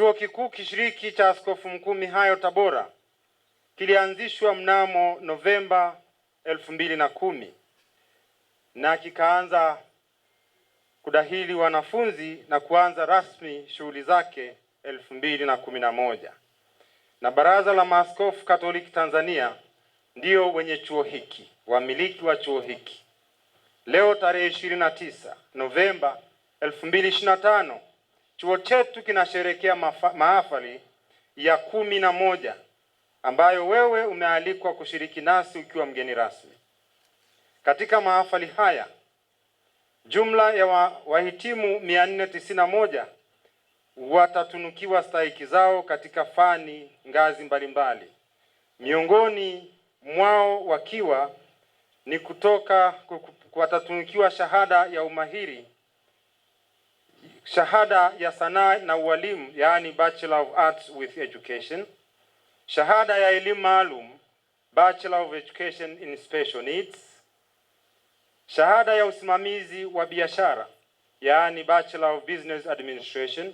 Chuo Kikuu Kishiriki cha Askofu Mkuu Mihayo Tabora kilianzishwa mnamo Novemba elfu mbili na kumi na kikaanza kudahili wanafunzi na kuanza rasmi shughuli zake elfu mbili na kumi na moja na Baraza la Maaskofu Katoliki Tanzania ndio wenye chuo hiki, wamiliki wa chuo hiki. Leo tarehe ishirini na tisa Novemba elfu mbili ishirini na tano Chuo chetu kinasherekea mahafali ya kumi na moja ambayo wewe umealikwa kushiriki nasi ukiwa mgeni rasmi. Katika mahafali haya jumla ya wahitimu mia nne tisini na moja watatunukiwa stahiki zao katika fani ngazi mbalimbali, miongoni mwao wakiwa ni kutoka watatunukiwa shahada ya umahiri shahada ya sanaa na ualimu, yaani Bachelor of Arts with Education, shahada ya elimu maalum Bachelor of Education in Special Needs, shahada ya usimamizi wa biashara, yaani Bachelor of Business Administration,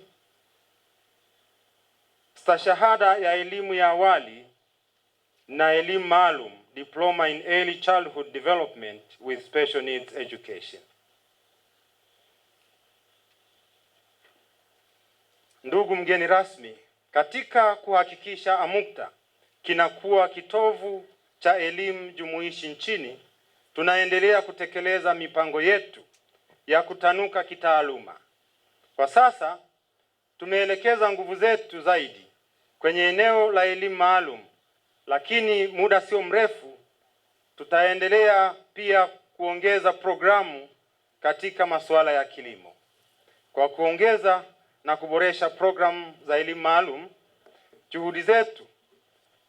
stashahada ya elimu ya awali na elimu maalum Diploma in Early Childhood Development with Special Needs Education. Ndugu mgeni rasmi, katika kuhakikisha AMUCTA kinakuwa kitovu cha elimu jumuishi nchini, tunaendelea kutekeleza mipango yetu ya kutanuka kitaaluma. Kwa sasa tumeelekeza nguvu zetu zaidi kwenye eneo la elimu maalum, lakini muda sio mrefu tutaendelea pia kuongeza programu katika masuala ya kilimo kwa kuongeza na kuboresha programu za elimu maalum, juhudi zetu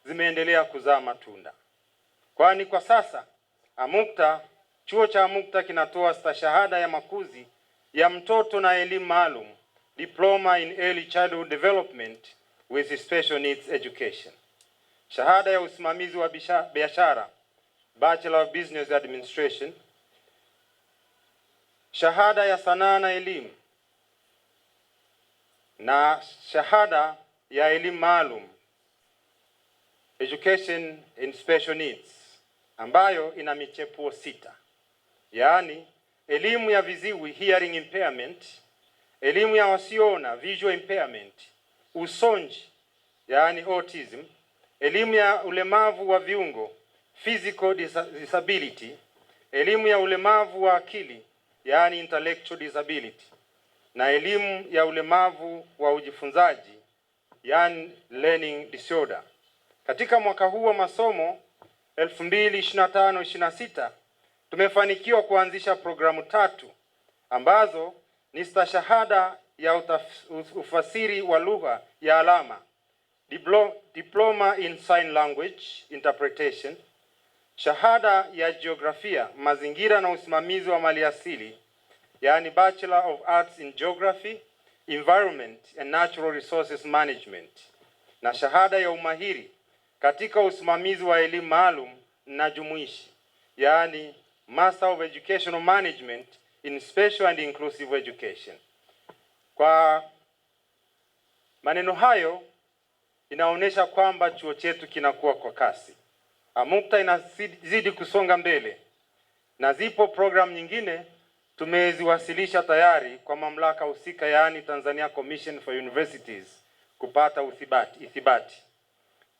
zimeendelea kuzaa matunda, kwani kwa sasa AMUCTA chuo cha AMUCTA kinatoa stashahada ya makuzi ya mtoto na elimu maalum, diploma in early childhood development with special needs education, shahada ya usimamizi wa biashara, bachelor of business administration, shahada ya sanaa na elimu na shahada ya elimu maalum education in special needs ambayo ina michepuo sita, yaani elimu ya viziwi hearing impairment, elimu ya wasiona visual impairment, usonji yaani autism, elimu ya ulemavu wa viungo physical disability, elimu ya ulemavu wa akili yaani intellectual disability na elimu ya ulemavu wa ujifunzaji, yani learning disorder. Katika mwaka huu wa masomo 2025/26 tumefanikiwa kuanzisha programu tatu ambazo ni stashahada ya utaf, ufasiri wa lugha ya alama Diploma in Sign Language Interpretation, shahada ya jiografia, mazingira na usimamizi wa maliasili yani Bachelor of Arts in Geography, Environment and Natural Resources Management na shahada ya umahiri katika usimamizi wa elimu maalum na jumuishi, yaani Master of Educational Management in Special and Inclusive Education. Kwa maneno hayo inaonyesha kwamba chuo chetu kinakuwa kwa kasi. AMUCTA inazidi kusonga mbele na zipo programu nyingine tumeziwasilisha tayari kwa mamlaka husika, yaani Tanzania Commission for Universities kupata uthibati, ithibati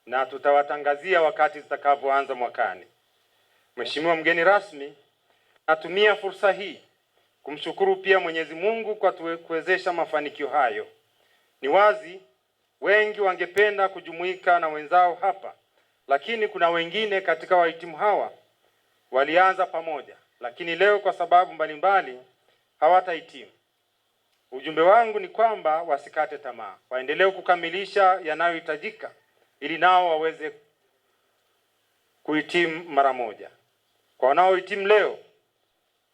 na tutawatangazia wakati zitakavyoanza mwakani. Mheshimiwa mgeni rasmi, natumia fursa hii kumshukuru pia Mwenyezi Mungu kwa kuwezesha mafanikio hayo. Ni wazi wengi wangependa kujumuika na wenzao hapa, lakini kuna wengine katika wahitimu hawa walianza pamoja lakini leo kwa sababu mbalimbali hawatahitimu. Ujumbe wangu ni kwamba wasikate tamaa, waendelee kukamilisha yanayohitajika ili nao waweze kuhitimu mara moja. Kwa wanaohitimu leo,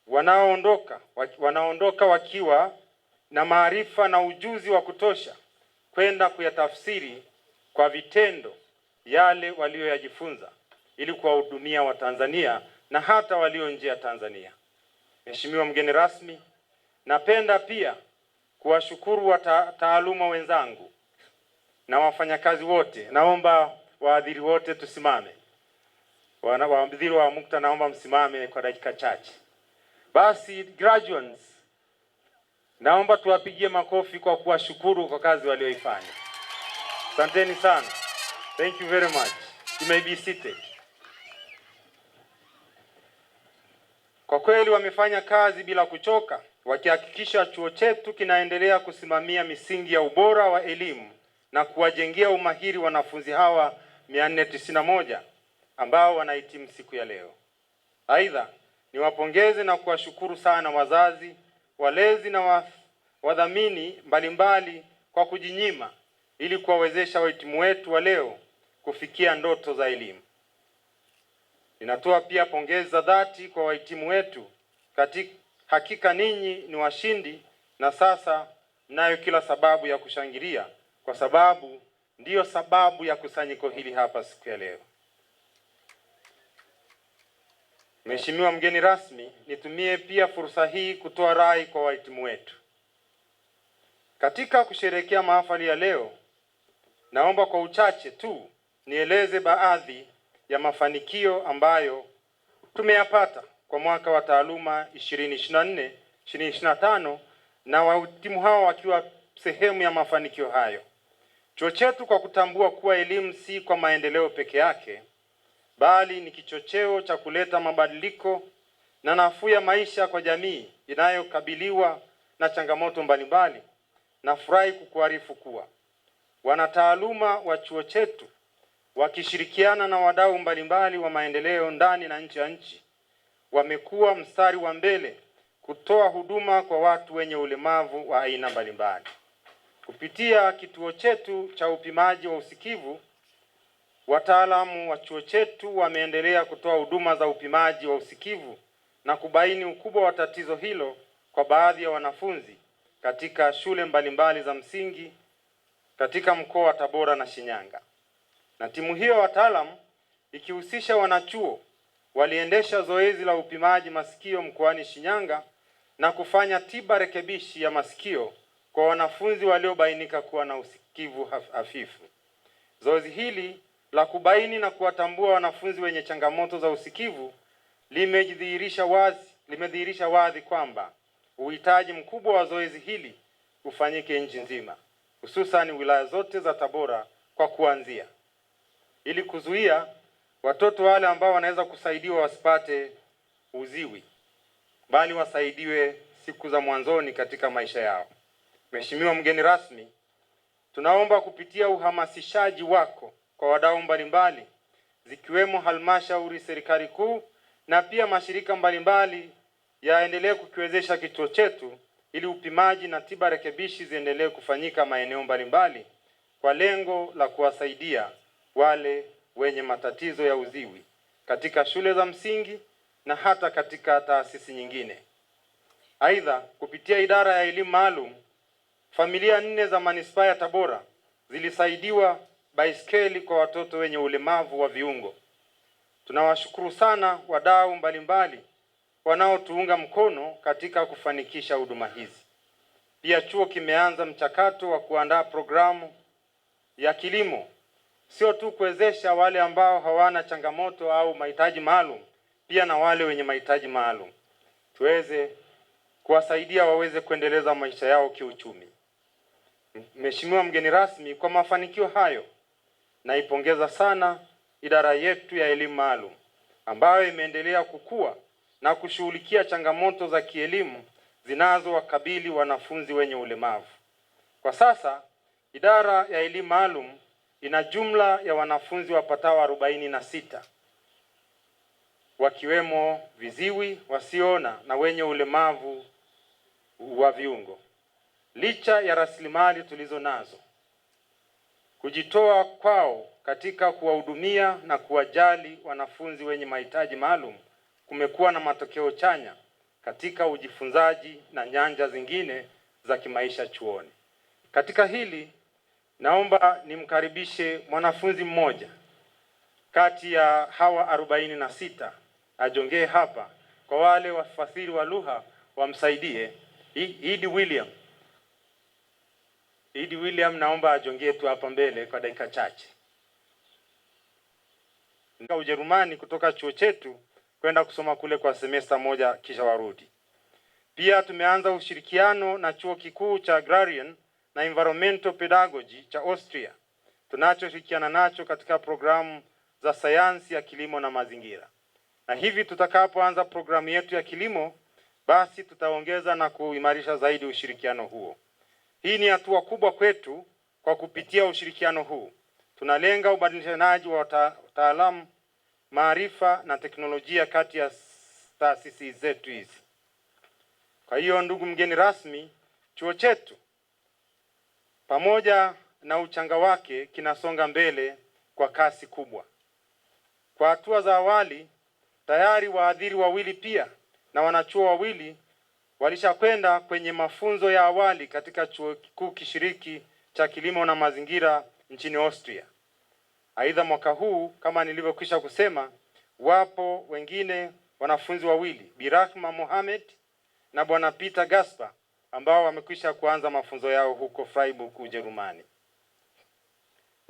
wanaoondoka wanaondoka wakiwa na maarifa na ujuzi wa kutosha kwenda kuyatafsiri kwa vitendo yale waliyoyajifunza ili kuwahudumia Watanzania na hata walio nje ya Tanzania. Mheshimiwa mgeni rasmi, napenda pia kuwashukuru wataaluma wenzangu na wafanyakazi wote. Naomba waadhiri wote tusimame, waadhiri wa mukta, naomba msimame kwa dakika chache. Basi graduates, naomba tuwapigie makofi kwa kuwashukuru kwa kazi walioifanya. Asanteni sana, thank you very much. You may be seated. Kwa kweli wamefanya kazi bila kuchoka, wakihakikisha chuo chetu kinaendelea kusimamia misingi ya ubora wa elimu na kuwajengea umahiri wanafunzi hawa 491 ambao wanahitimu siku ya leo. Aidha, niwapongeze na kuwashukuru sana wazazi, walezi na wadhamini mbalimbali kwa kujinyima ili kuwawezesha wahitimu wetu wa leo kufikia ndoto za elimu. Ninatoa pia pongezi za dhati kwa wahitimu wetu katika, hakika ninyi ni washindi na sasa mnayo kila sababu ya kushangilia kwa sababu ndiyo sababu ya kusanyiko hili hapa siku ya leo. Mheshimiwa mgeni rasmi, nitumie pia fursa hii kutoa rai kwa wahitimu wetu katika kusherehekea mahafali ya leo. Naomba kwa uchache tu nieleze baadhi ya mafanikio ambayo tumeyapata kwa mwaka wa taaluma 2024 2025 na wahitimu hao wakiwa sehemu ya mafanikio hayo. Chuo chetu kwa kutambua kuwa elimu si kwa maendeleo peke yake, bali ni kichocheo cha kuleta mabadiliko na nafuu ya maisha kwa jamii inayokabiliwa na changamoto mbalimbali, nafurahi kukuarifu kuwa wanataaluma wa chuo chetu wakishirikiana na wadau mbalimbali wa maendeleo ndani na nje ya nchi wamekuwa mstari wa mbele kutoa huduma kwa watu wenye ulemavu wa aina mbalimbali. Kupitia kituo chetu cha upimaji wa usikivu, wataalamu wa chuo chetu wameendelea kutoa huduma za upimaji wa usikivu na kubaini ukubwa wa tatizo hilo kwa baadhi ya wanafunzi katika shule mbalimbali za msingi katika mkoa wa Tabora na Shinyanga na timu hiyo wataalam ikihusisha wanachuo waliendesha zoezi la upimaji masikio mkoani Shinyanga na kufanya tiba rekebishi ya masikio kwa wanafunzi waliobainika kuwa na usikivu hafifu. Zoezi hili la kubaini na kuwatambua wanafunzi wenye changamoto za usikivu limedhihirisha wazi limedhihirisha wazi kwamba uhitaji mkubwa wa zoezi hili ufanyike nchi nzima, hususan wilaya zote za Tabora kwa kuanzia ili kuzuia watoto wale ambao wanaweza kusaidiwa wasipate uziwi, bali wasaidiwe siku za mwanzoni katika maisha yao. Mheshimiwa mgeni rasmi, tunaomba kupitia uhamasishaji wako kwa wadau mbalimbali zikiwemo halmashauri, serikali kuu na pia mashirika mbalimbali yaendelee kukiwezesha kituo chetu ili upimaji na tiba rekebishi ziendelee kufanyika maeneo mbalimbali kwa lengo la kuwasaidia wale wenye matatizo ya uziwi katika shule za msingi na hata katika taasisi nyingine. Aidha, kupitia idara ya elimu maalum, familia nne za manispaa ya Tabora zilisaidiwa baiskeli kwa watoto wenye ulemavu wa viungo. Tunawashukuru sana wadau mbalimbali wanaotuunga mkono katika kufanikisha huduma hizi. Pia chuo kimeanza mchakato wa kuandaa programu ya kilimo sio tu kuwezesha wale ambao hawana changamoto au mahitaji maalum, pia na wale wenye mahitaji maalum tuweze kuwasaidia waweze kuendeleza maisha yao kiuchumi. Mheshimiwa mgeni rasmi, kwa mafanikio hayo naipongeza sana idara yetu ya elimu maalum ambayo imeendelea kukua na kushughulikia changamoto za kielimu zinazowakabili wanafunzi wenye ulemavu. Kwa sasa idara ya elimu maalum ina jumla ya wanafunzi wapatao arobaini na sita wakiwemo viziwi, wasioona na wenye ulemavu wa viungo. Licha ya rasilimali tulizo nazo, kujitoa kwao katika kuwahudumia na kuwajali wanafunzi wenye mahitaji maalum kumekuwa na matokeo chanya katika ujifunzaji na nyanja zingine za kimaisha chuoni. Katika hili Naomba nimkaribishe mwanafunzi mmoja kati ya hawa arobaini na sita ajongee hapa kwa wale wafasiri wa lugha wamsaidie. Idi William, Idi William, naomba ajongee tu hapa mbele kwa dakika chache. Nika Ujerumani kutoka chuo chetu kwenda kusoma kule kwa semesta moja kisha warudi. Pia tumeanza ushirikiano na chuo kikuu cha Agrarian na Environmental Pedagogy cha Austria tunachoshirikiana nacho katika programu za sayansi ya kilimo na mazingira. Na hivi tutakapoanza programu yetu ya kilimo, basi tutaongeza na kuimarisha zaidi ushirikiano huo. Hii ni hatua kubwa kwetu. Kwa kupitia ushirikiano huu, tunalenga ubadilishanaji wa wataalamu, maarifa na teknolojia kati ya taasisi zetu hizi. Kwa hiyo, ndugu mgeni rasmi, chuo chetu pamoja na uchanga wake kinasonga mbele kwa kasi kubwa. Kwa hatua za awali, tayari waadhiri wawili pia na wanachuo wawili walishakwenda kwenye mafunzo ya awali katika chuo kikuu kishiriki cha kilimo na mazingira nchini Austria. Aidha, mwaka huu kama nilivyokwisha kusema, wapo wengine wanafunzi wawili, birahma Mohamed na Bwana Peter Gaspar ambao wamekwisha kuanza mafunzo yao huko Freiburg, Ujerumani.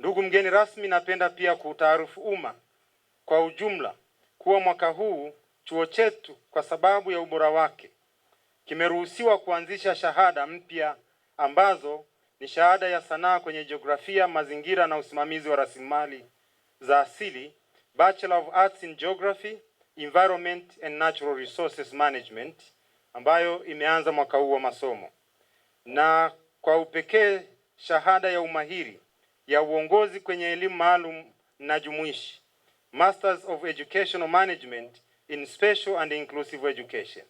Ndugu mgeni rasmi, napenda pia kuutaarifu umma kwa ujumla kuwa mwaka huu chuo chetu kwa sababu ya ubora wake kimeruhusiwa kuanzisha shahada mpya ambazo ni shahada ya sanaa kwenye jiografia, mazingira na usimamizi wa rasilimali za asili, Bachelor of Arts in Geography, Environment and Natural Resources Management ambayo imeanza mwaka huu wa masomo, na kwa upekee shahada ya umahiri ya uongozi kwenye elimu maalum na jumuishi, Masters of Educational Management in Special and Inclusive Education,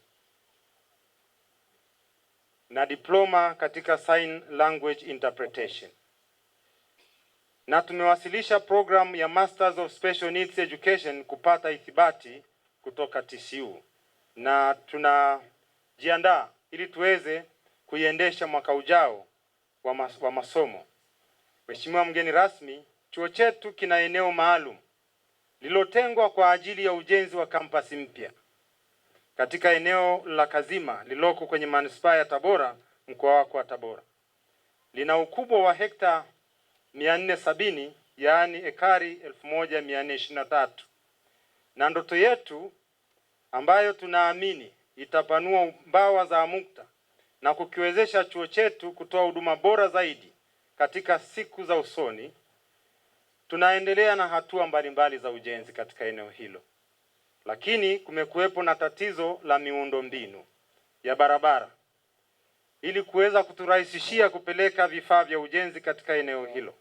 na diploma katika sign language interpretation. Na tumewasilisha program ya Masters of Special Needs Education kupata ithibati kutoka TCU na tuna jiandaa ili tuweze kuiendesha mwaka ujao wa, mas wa masomo. Mheshimiwa mgeni rasmi, chuo chetu kina eneo maalum lililotengwa kwa ajili ya ujenzi wa kampasi mpya katika eneo la Kazima liloko kwenye manispaa ya Tabora mkoa wako wa Tabora. Lina ukubwa wa hekta sabini yaani ekari 1423 na ndoto yetu ambayo tunaamini itapanua mbawa za AMUCTA na kukiwezesha chuo chetu kutoa huduma bora zaidi katika siku za usoni. Tunaendelea na hatua mbalimbali za ujenzi katika eneo hilo, lakini kumekuwepo na tatizo la miundombinu ya barabara. Ili kuweza kuturahisishia kupeleka vifaa vya ujenzi katika eneo hilo,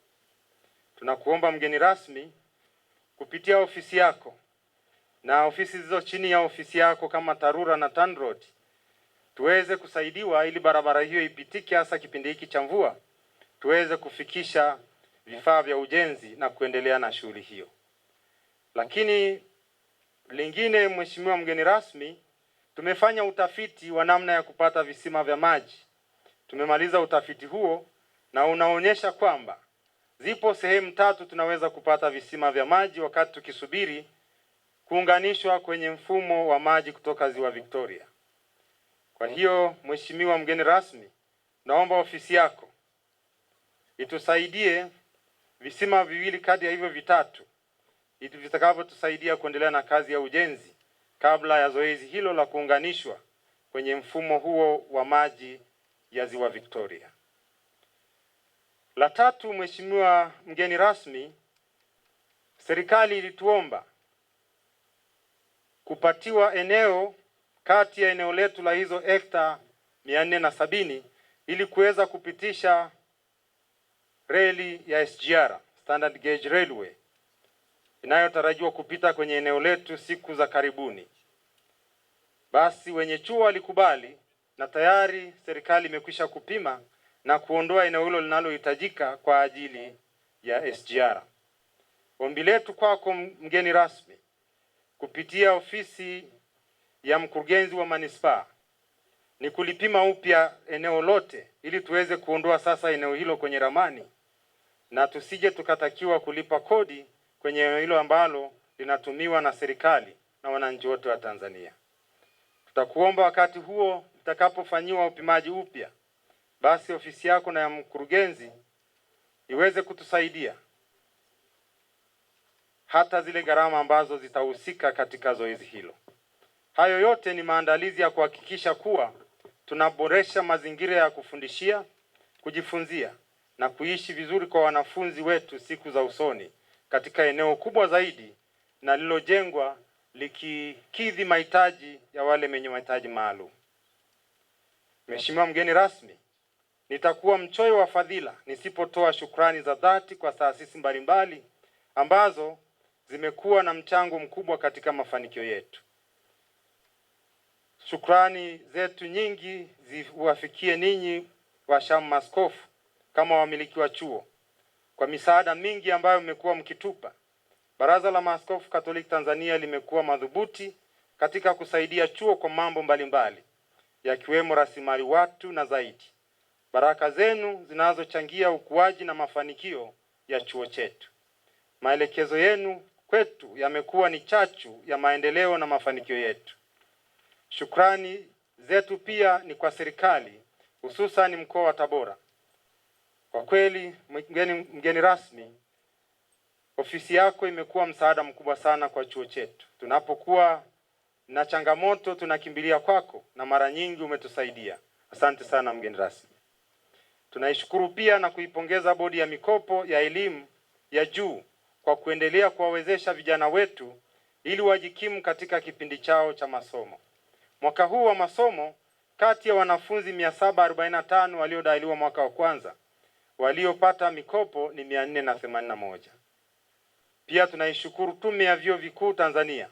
tunakuomba mgeni rasmi kupitia ofisi yako na ofisi zilizo chini ya ofisi yako kama TARURA na TANROAD tuweze kusaidiwa ili barabara hiyo ipitike, hasa kipindi hiki cha mvua, tuweze kufikisha vifaa vya ujenzi na kuendelea na shughuli hiyo. Lakini lingine, Mheshimiwa mgeni rasmi, tumefanya utafiti wa namna ya kupata visima vya maji. Tumemaliza utafiti huo na unaonyesha kwamba zipo sehemu tatu tunaweza kupata visima vya maji wakati tukisubiri kuunganishwa kwenye mfumo wa maji kutoka ziwa Victoria. Kwa hiyo, Mheshimiwa mgeni rasmi, naomba ofisi yako itusaidie visima viwili kati ya hivyo vitatu vitakavyotusaidia kuendelea na kazi ya ujenzi kabla ya zoezi hilo la kuunganishwa kwenye mfumo huo wa maji ya ziwa Victoria. La tatu, Mheshimiwa mgeni rasmi, serikali ilituomba kupatiwa eneo kati ya eneo letu la hizo hekta mia nne na sabini ili kuweza kupitisha reli ya SGR standard gauge railway inayotarajiwa kupita kwenye eneo letu siku za karibuni. Basi wenye chuo walikubali na tayari serikali imekwisha kupima na kuondoa eneo hilo linalohitajika kwa ajili ya SGR. Ombi letu kwako mgeni rasmi kupitia ofisi ya mkurugenzi wa manispaa ni kulipima upya eneo lote ili tuweze kuondoa sasa eneo hilo kwenye ramani na tusije tukatakiwa kulipa kodi kwenye eneo hilo ambalo linatumiwa na serikali na wananchi wote wa Tanzania. Tutakuomba wakati huo mtakapofanyiwa upimaji upya, basi ofisi yako na ya mkurugenzi iweze kutusaidia hata zile gharama ambazo zitahusika katika zoezi hilo. Hayo yote ni maandalizi ya kuhakikisha kuwa tunaboresha mazingira ya kufundishia, kujifunzia na kuishi vizuri kwa wanafunzi wetu siku za usoni katika eneo kubwa zaidi na lililojengwa likikidhi mahitaji ya wale wenye mahitaji maalum. Mheshimiwa mgeni rasmi, nitakuwa mchoyo wa fadhila nisipotoa shukrani za dhati kwa taasisi mbalimbali ambazo zimekuwa na mchango mkubwa katika mafanikio yetu. Shukrani zetu nyingi ziwafikie ninyi washamu maskofu kama wamiliki wa chuo kwa misaada mingi ambayo mmekuwa mkitupa. Baraza la Maaskofu Katoliki Tanzania limekuwa madhubuti katika kusaidia chuo kwa mambo mbalimbali yakiwemo rasilimali watu na zaidi. Baraka zenu zinazochangia ukuaji na mafanikio ya chuo chetu. Maelekezo yenu kwetu yamekuwa ni chachu ya maendeleo na mafanikio yetu. Shukrani zetu pia ni kwa serikali, hususan mkoa wa Tabora. Kwa kweli, mgeni, mgeni rasmi, ofisi yako imekuwa msaada mkubwa sana kwa chuo chetu. Tunapokuwa na changamoto tunakimbilia kwako na mara nyingi umetusaidia. Asante sana mgeni rasmi. Tunaishukuru pia na kuipongeza Bodi ya Mikopo ya Elimu ya Juu kwa kuendelea kuwawezesha vijana wetu ili wajikimu katika kipindi chao cha masomo. Mwaka huu wa masomo, kati ya wanafunzi 745 waliodahiliwa mwaka wa kwanza, waliopata mikopo ni 481. Pia tunaishukuru Tume ya Vyuo Vikuu Tanzania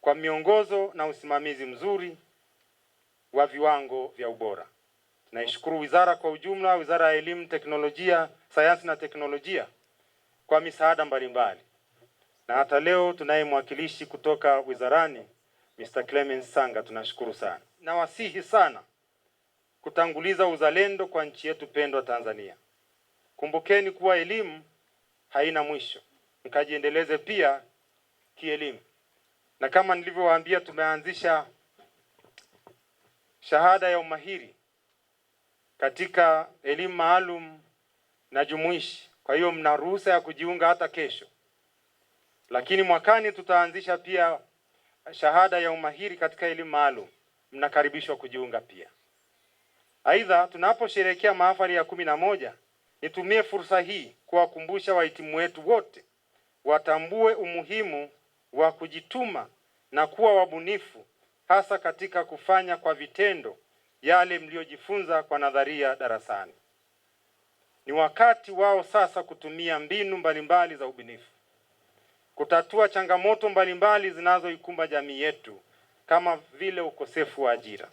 kwa miongozo na usimamizi mzuri wa viwango vya ubora. Tunaishukuru wizara kwa ujumla, Wizara ya Elimu, Teknolojia, Sayansi na Teknolojia kwa misaada mbalimbali, na hata leo tunaye mwakilishi kutoka wizarani Mr. Clement Sanga, tunashukuru sana. Nawasihi sana kutanguliza uzalendo kwa nchi yetu pendwa Tanzania. Kumbukeni kuwa elimu haina mwisho, mkajiendeleze pia kielimu, na kama nilivyowaambia, tumeanzisha shahada ya umahiri katika elimu maalum na jumuishi kwa hiyo mna ruhusa ya kujiunga hata kesho, lakini mwakani tutaanzisha pia shahada ya umahiri katika elimu maalum. Mnakaribishwa kujiunga pia. Aidha, tunaposherehekea mahafali ya kumi na moja, nitumie fursa hii kuwakumbusha wahitimu wetu wote watambue umuhimu wa kujituma na kuwa wabunifu, hasa katika kufanya kwa vitendo yale mliyojifunza kwa nadharia darasani. Ni wakati wao sasa kutumia mbinu mbalimbali za ubunifu kutatua changamoto mbalimbali zinazoikumba jamii yetu kama vile ukosefu wa ajira.